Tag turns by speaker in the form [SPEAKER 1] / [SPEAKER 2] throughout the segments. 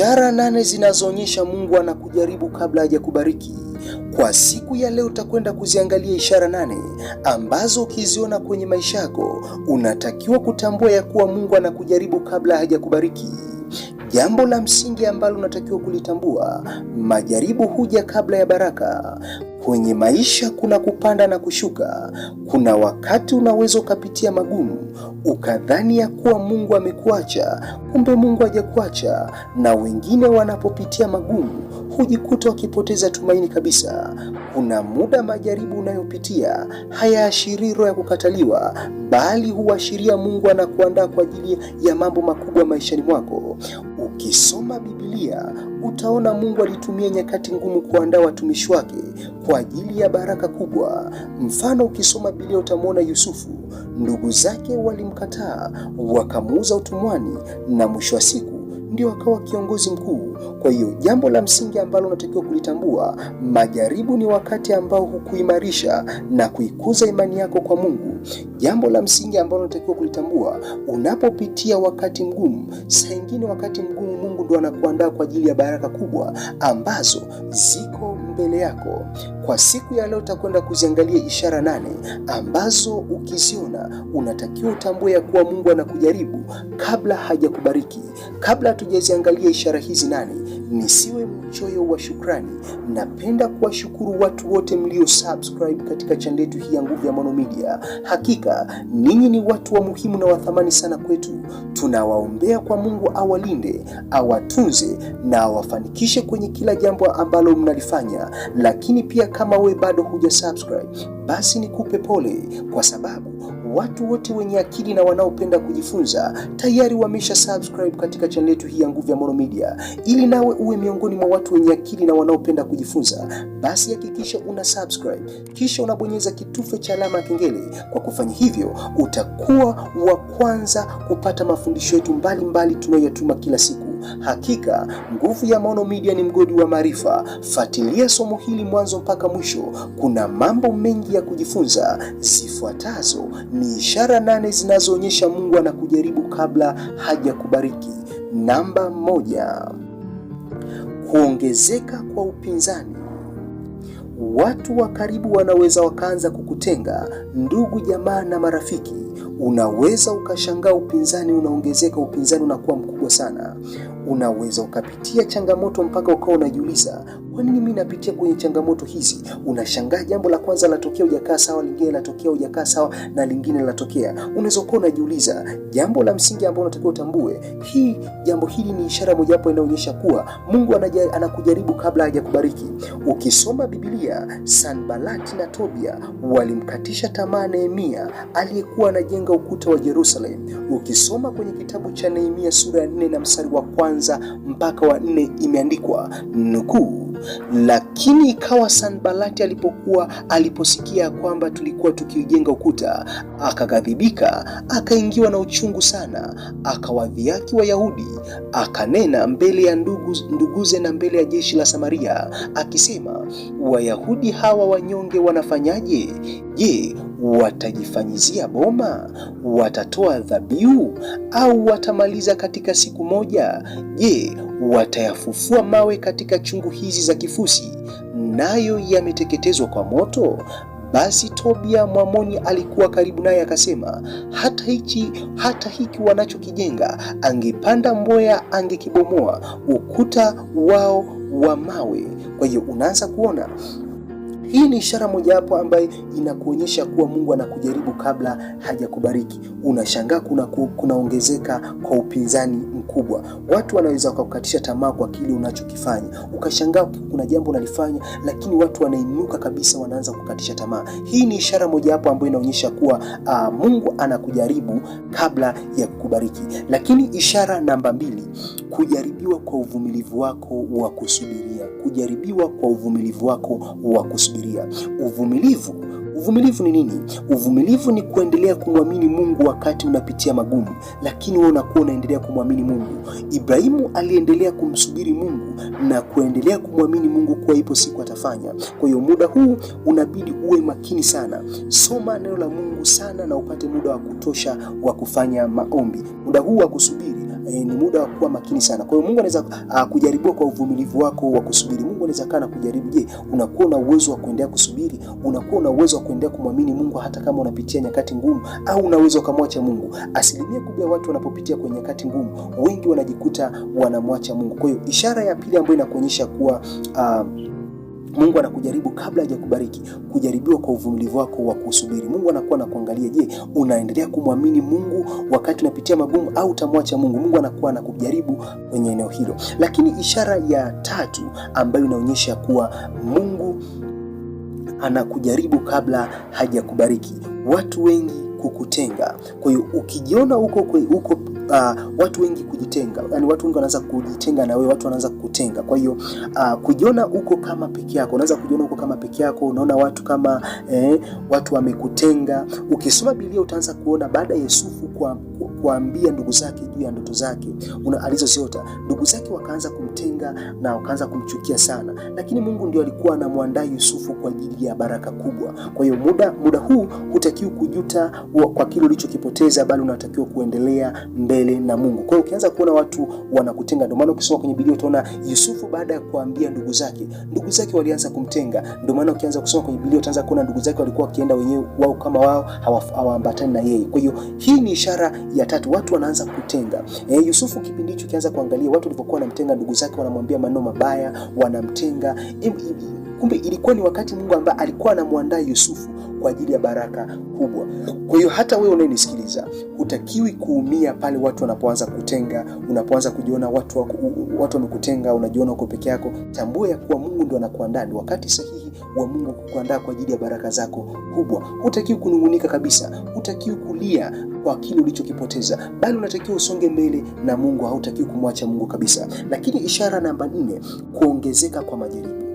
[SPEAKER 1] Ishara nane zinazoonyesha Mungu anakujaribu kabla hajakubariki. Kwa siku ya leo utakwenda kuziangalia ishara nane ambazo ukiziona kwenye maisha yako unatakiwa kutambua ya kuwa Mungu anakujaribu kabla hajakubariki. Jambo la msingi ambalo unatakiwa kulitambua, majaribu huja kabla ya baraka. Kwenye maisha kuna kupanda na kushuka. Kuna wakati unaweza ukapitia magumu, ukadhani ya kuwa Mungu amekuacha, kumbe Mungu hajakuacha. Na wengine wanapopitia magumu hujikuta wakipoteza tumaini kabisa. Kuna muda majaribu unayopitia hayaashirii roho ya kukataliwa, bali huashiria Mungu anakuandaa kwa ajili ya mambo makubwa maishani mwako. Ukisoma Biblia utaona Mungu alitumia nyakati ngumu kuandaa watumishi wake kwa ajili ya baraka kubwa. Mfano, ukisoma Biblia utamwona Yusufu, ndugu zake walimkataa, wakamuuza utumwani na mwisho wa siku ndio akawa kiongozi mkuu. Kwa hiyo jambo la msingi ambalo unatakiwa kulitambua, majaribu ni wakati ambao hukuimarisha na kuikuza imani yako kwa Mungu. Jambo la msingi ambalo unatakiwa kulitambua, unapopitia wakati mgumu, saa ingine wakati mgumu, Mungu ndo anakuandaa kwa ajili ya baraka kubwa ambazo ziko mbele yako. Kwa siku ya leo utakwenda kuziangalia ishara nane ambazo ukiziona unatakiwa utambue ya kuwa Mungu anakujaribu kabla hajakubariki. Kabla hatujaziangalia ishara hizi nane, nisiwe mchoyo wa shukrani. Napenda kuwashukuru watu wote mlio subscribe katika chaneli yetu hii ya Nguvu ya Maono Media. Hakika ninyi ni watu wa muhimu na wathamani sana kwetu. Tunawaombea kwa Mungu awalinde, awatunze na awafanikishe kwenye kila jambo ambalo mnalifanya lakini pia kama we bado huja subscribe, basi nikupe pole, kwa sababu watu wote wenye akili na wanaopenda kujifunza tayari wamesha subscribe katika channel yetu hii ya Nguvu ya Maono Media. Ili nawe uwe miongoni mwa watu wenye akili na wanaopenda kujifunza, basi hakikisha una subscribe kisha unabonyeza kitufe cha alama ya kengele. Kwa kufanya hivyo, utakuwa wa kwanza kupata mafundisho yetu mbalimbali tunayoyatuma kila siku. Hakika nguvu ya Maono Media ni mgodi wa maarifa. Fuatilia somo hili mwanzo mpaka mwisho, kuna mambo mengi ya kujifunza. Zifuatazo ni ishara nane zinazoonyesha Mungu anakujaribu kabla hajakubariki. Namba moja, kuongezeka kwa upinzani. Watu wa karibu wanaweza wakaanza kukutenga, ndugu, jamaa na marafiki unaweza ukashangaa upinzani unaongezeka, upinzani unakuwa mkubwa sana, unaweza ukapitia changamoto mpaka ukawa unajiuliza kwa nini mimi napitia kwenye changamoto hizi. Unashangaa jambo la kwanza linatokea hujakaa sawa, lingine linatokea hujakaa sawa, na lingine linatokea. Unaweza ukawa unajiuliza. Jambo la msingi ambalo unatakiwa utambue, hii jambo hili ni ishara mojawapo inaonyesha kuwa Mungu anaja, anakujaribu kabla hajakubariki. Ukisoma Biblia, Sanbalati na Tobia walimkatisha tamaa Nehemia aliyekuwa anajenga ukuta wa Yerusalemu. Ukisoma kwenye kitabu cha Nehemia sura ya 4 na mstari wa kwanza kwanza mpaka wa nne imeandikwa nukuu, lakini ikawa Sanbalati alipokuwa aliposikia kwamba tulikuwa tukijenga ukuta, akaghadhibika, akaingiwa na uchungu sana, akawadhiaki Wayahudi, akanena mbele ya ndugu, nduguze na mbele ya jeshi la Samaria akisema, Wayahudi hawa wanyonge wanafanyaje? Je, watajifanyizia boma? Watatoa dhabihu au watamaliza katika siku moja? Je, watayafufua mawe katika chungu hizi za kifusi, nayo yameteketezwa kwa moto? Basi Tobia Mwamoni alikuwa karibu naye, akasema hata hichi hata hiki wanachokijenga, angepanda mboya angekibomoa ukuta wao wa mawe. Kwa hiyo unaanza kuona hii ni ishara mojawapo ambayo inakuonyesha kuwa Mungu anakujaribu kabla hajakubariki. Unashangaa kuna kunaongezeka kwa upinzani mkubwa, watu wanaweza wakakukatisha tamaa kwa kile unachokifanya. Ukashangaa kuna jambo unalifanya, lakini watu wanainuka kabisa, wanaanza kukatisha tamaa. Hii ni ishara mojawapo ambayo inaonyesha kuwa aa, ah, Mungu anakujaribu kabla ya kukubariki. Lakini ishara namba mbili, kujaribiwa kwa uvumilivu wako wa kusubiria, kujaribiwa kwa uvumilivu wako wa kusubiria. Biblia. Uvumilivu Uvumilivu ni nini? Uvumilivu ni kuendelea kumwamini Mungu wakati unapitia magumu, lakini wewe unakuwa unaendelea kumwamini Mungu. Ibrahimu aliendelea kumsubiri Mungu na kuendelea kumwamini Mungu kuwa ipo siku atafanya. Kwa hiyo muda huu unabidi uwe makini sana, soma neno la Mungu sana na upate muda wa kutosha wa kufanya maombi. Muda huu wa kusubiri e, ni muda wa kuwa makini sana. Kwa hiyo Mungu anaweza ah, kujaribiwa kwa uvumilivu wako wa kusubiri. Mungu anaweza kana kujaribu. Je, unakuwa na uwezo wa kuendelea kusubiri? Unakuwa na uwezo wa kuendelea kumwamini Mungu hata kama unapitia nyakati ngumu, au unaweza ukamwacha Mungu? Asilimia kubwa ya watu wanapopitia kwenye nyakati ngumu, wengi wanajikuta wanamwacha Mungu. Kwa hiyo ishara ya pili ambayo inakuonyesha kuwa uh, Mungu anakujaribu kabla hajakubariki, kujaribiwa kwa uvumilivu wako wa kusubiri. Mungu anakuwa anakuangalia, je, unaendelea kumwamini Mungu wakati unapitia magumu au utamwacha Mungu? Mungu anakuwa anakujaribu kwenye eneo hilo. Lakini ishara ya tatu ambayo inaonyesha kuwa Mungu anakujaribu kabla hajakubariki, watu wengi kukutenga. Kwa hiyo ukijiona huko huko uh, watu wengi kujitenga, yani watu wengi wanaanza kujitenga na wewe, watu wanaanza kukutenga Kwa hiyo uh, kujiona uko kama peke yako, unaanza kujiona uko kama peke yako, unaona watu kama eh, watu wamekutenga. Ukisoma Biblia utaanza kuona baada ya Yusufu kuambia ndugu zake juu ya ndoto zake alizoziota, ndugu zake wakaanza kum kumtenga na wakaanza kumchukia sana, lakini Mungu ndio alikuwa anamwandaa Yusufu kwa ajili ya baraka kubwa. Kwa hiyo muda muda huu hutakiwi kujuta kwa kile ulichokipoteza, bali unatakiwa kuendelea mbele na Mungu. Kwa hiyo ukianza kuona watu wanakutenga, ndio maana ukisoma kwenye Biblia utaona Yusufu baada ya kuambia ndugu zake, ndugu zake walianza kumtenga. Ndio maana ukianza kusoma kwenye Biblia utaanza kuona ndugu zake walikuwa wakienda wenyewe wao kama wao, hawaambatani na yeye. Kwa hiyo hii ni ishara ya tatu, watu wanaanza kutenga. E, Yusufu kipindi hicho kianza kuangalia watu walivyokuwa wanamtenga ndugu zake zake wanamwambia maneno mabaya, wanamtenga. Kumbe ilikuwa ni wakati Mungu ambaye alikuwa anamwandaa Yusufu kwa ajili ya baraka kubwa. Kwa hiyo hata wewe unayenisikiliza, hutakiwi kuumia pale watu wanapoanza kutenga, unapoanza kujiona watu wako, watu wamekutenga, unajiona uko peke yako. Tambua ya kuwa Mungu ndo anakuandaa, ni wakati sahihi wa Mungu kukuandaa kwa ajili ya baraka zako kubwa. Hutakiwi kunungunika kabisa, hutakiwi kulia kwa kile ulichokipoteza, bali unatakiwa usonge mbele na Mungu. Hautakiwi kumwacha Mungu kabisa. Lakini ishara namba nne, kuongezeka kwa majaribu.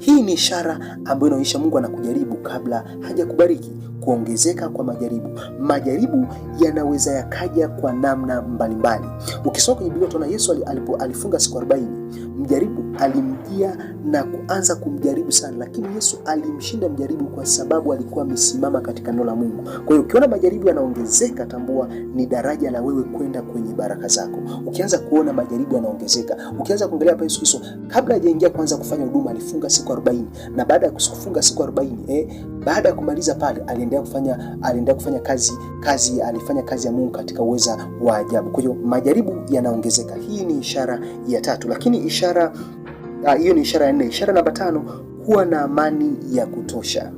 [SPEAKER 1] Hii ni ishara ambayo inaonyesha Mungu anakujaribu kabla hajakubariki. Kuongezeka kwa majaribu. Majaribu yanaweza yakaja kwa namna mbalimbali. Ukisoma kwenye Biblia tunaona Yesu alipo alifunga siku arobaini Mjaribu alimjia na kuanza kumjaribu sana, lakini Yesu alimshinda mjaribu kwa sababu alikuwa amesimama katika neno la Mungu. Kwa hiyo ukiona majaribu yanaongezeka, tambua ni daraja la wewe kwenda kwenye baraka zako. Ukianza kuona majaribu yanaongezeka, ukianza kuangalia hapa, Yesu Kristo kabla hajaingia kwanza kufanya huduma alifunga siku 40 na baada ya kufunga siku 40 eh baada ya kumaliza pale, aliendelea kufanya aliendelea kufanya kazi kazi, alifanya kazi ya Mungu katika uweza wa ajabu. Kwa hiyo majaribu yanaongezeka. Hii ni ishara ya tatu, lakini ishara ah, hiyo ni ishara ya nne. Ishara namba tano, kuwa na amani ya kutosha.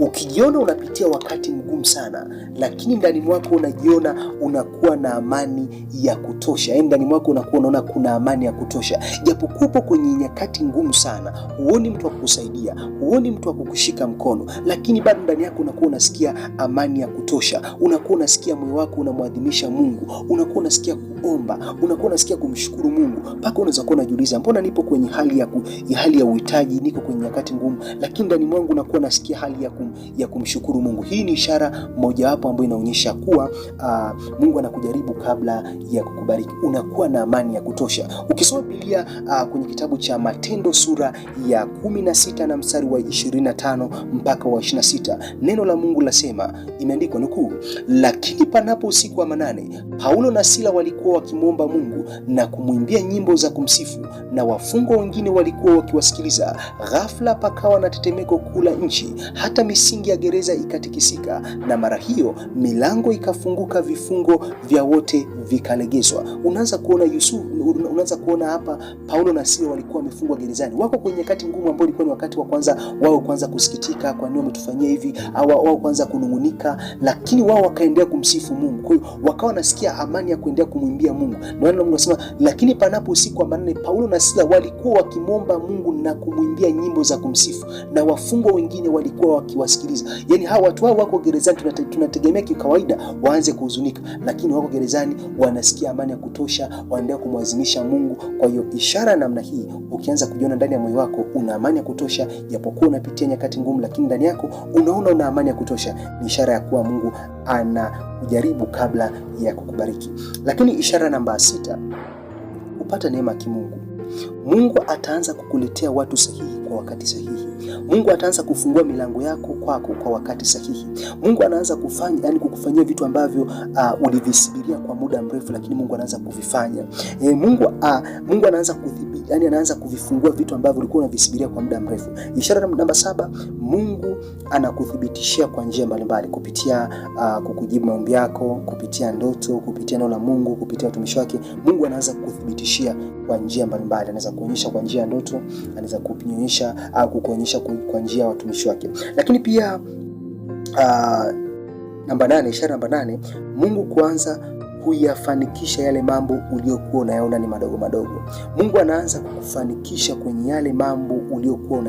[SPEAKER 1] Ukijiona unapitia wakati mgumu sana, lakini ndani mwako unajiona unakuwa na amani ya kutosha, yaani ndani mwako unakuwa unaona kuna amani ya kutosha, japo kupo kwenye nyakati ngumu sana, huoni mtu wa kukusaidia, huoni mtu wa kukushika mkono, lakini bado ndani yako unakuwa unasikia amani ya kutosha, unakuwa unasikia moyo wako unamwadhimisha Mungu, unakuwa unasikia kuomba, unakuwa unasikia kumshukuru Mungu mpaka unaweza kuwa unajiuliza, mbona nipo kwenye hali ya, ku, ya hali ya uhitaji, niko kwenye nyakati ngumu, lakini ndani mwangu nakuwa nasikia hali ya, kum, ya kumshukuru Mungu. Hii ni ishara mojawapo ambayo inaonyesha kuwa aa, ah, Mungu anakujaribu kabla ya kukubariki, unakuwa na amani ya kutosha. Ukisoma Biblia ah, kwenye kitabu cha Matendo sura ya 16 na na mstari wa 25 mpaka wa 26, neno la Mungu lasema, imeandikwa nukuu, lakini panapo usiku wa manane Paulo na Sila walikuwa walikuwa wakimwomba Mungu na kumwimbia nyimbo za kumsifu, na wafungwa wengine walikuwa wakiwasikiliza. Ghafla pakawa na tetemeko kuu la nchi, hata misingi ya gereza ikatikisika, na mara hiyo milango ikafunguka, vifungo vya wote vikalegezwa. Unaanza kuona Yusuf, unaanza kuona hapa Paulo na Sila walikuwa wamefungwa gerezani, wako kwenye kati ngumu, ambao ilikuwa ni wakati wa kwanza wao kwanza kusikitika, kwa nini wametufanyia hivi, au wao kwanza kunungunika, lakini wao wakaendelea kumsifu Mungu. Kwa hiyo wakawa nasikia amani ya kuendelea kumwimbia kumwambia Mungu. Ndio maana anasema, lakini panapo usiku wa manane, Paulo na Sila walikuwa wakimwomba Mungu na kumwimbia nyimbo za kumsifu, na wafungwa wengine walikuwa wakiwasikiliza. Yaani hawa watu hao wako gerezani, tunategemea kikawaida waanze kuhuzunika, lakini wako gerezani, wanasikia amani ya kutosha, wanaendelea kumwazimisha Mungu. Kwa hiyo ishara namna hii ukianza kujiona ndani ya moyo wako una amani ya kutosha, japokuwa unapitia nyakati ngumu, lakini ndani yako unaona una amani ya kutosha, ni ishara ya kuwa Mungu anakujaribu kabla ya kukubariki, lakini Ishara namba sita, upata neema kimungu. Mungu ataanza kukuletea watu sahihi kwa wakati sahihi. Mungu ataanza kufungua milango yako kwako kwa wakati sahihi. Mungu anaanza kufanya yani kukufanyia vitu ambavyo uh, ulivisibiria kwa muda mrefu, lakini Mungu anaanza kuvifanya. E, Mungu uh, Mungu anaanza kudhibiti, yani anaanza kuvifungua vitu ambavyo ulikuwa unavisibiria kwa muda mrefu. Ishara namba saba, Mungu anakuthibitishia kwa njia mbalimbali kupitia uh, kukujibu maombi yako, kupitia ndoto, kupitia neno la Mungu, kupitia watumishi wake. Mungu anaanza kukuthibitishia kwa njia mbalimbali, anaweza kuonyesha kwa njia ya ndoto, anaweza kukuonyesha kukuonyesha ah, kukuonyesha kwa njia ya watumishi wake. Lakini pia uh, namba nane, ishara namba nane, Mungu kwanza kuyafanikisha yale mambo uliokuwa unayaona ni madogo madogo. Mungu anaanza kukufanikisha kwenye yale mambo uliokuwa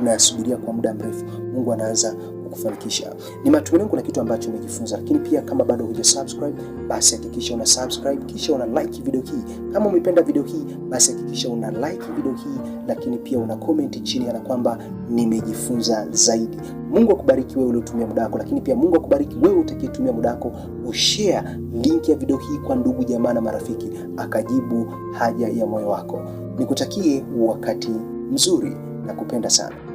[SPEAKER 1] unayasubiria kwa muda mrefu. Mungu anaanza kukufanikisha. Ni matumaini kuna kitu ambacho umejifunza, lakini pia kama bado huja subscribe, basi hakikisha una subscribe kisha una like video hii. Kama umependa video hii, basi hakikisha una like video hii, lakini pia una comment chini ana kwamba nimejifunza zaidi. Mungu akubariki wewe uliotumia muda wako, lakini pia Mungu akubariki wewe utakayetumia muda wako ushare link ya video hii kwa ndugu jamaa na marafiki, akajibu haja ya moyo wako. Nikutakie wakati mzuri na kupenda sana.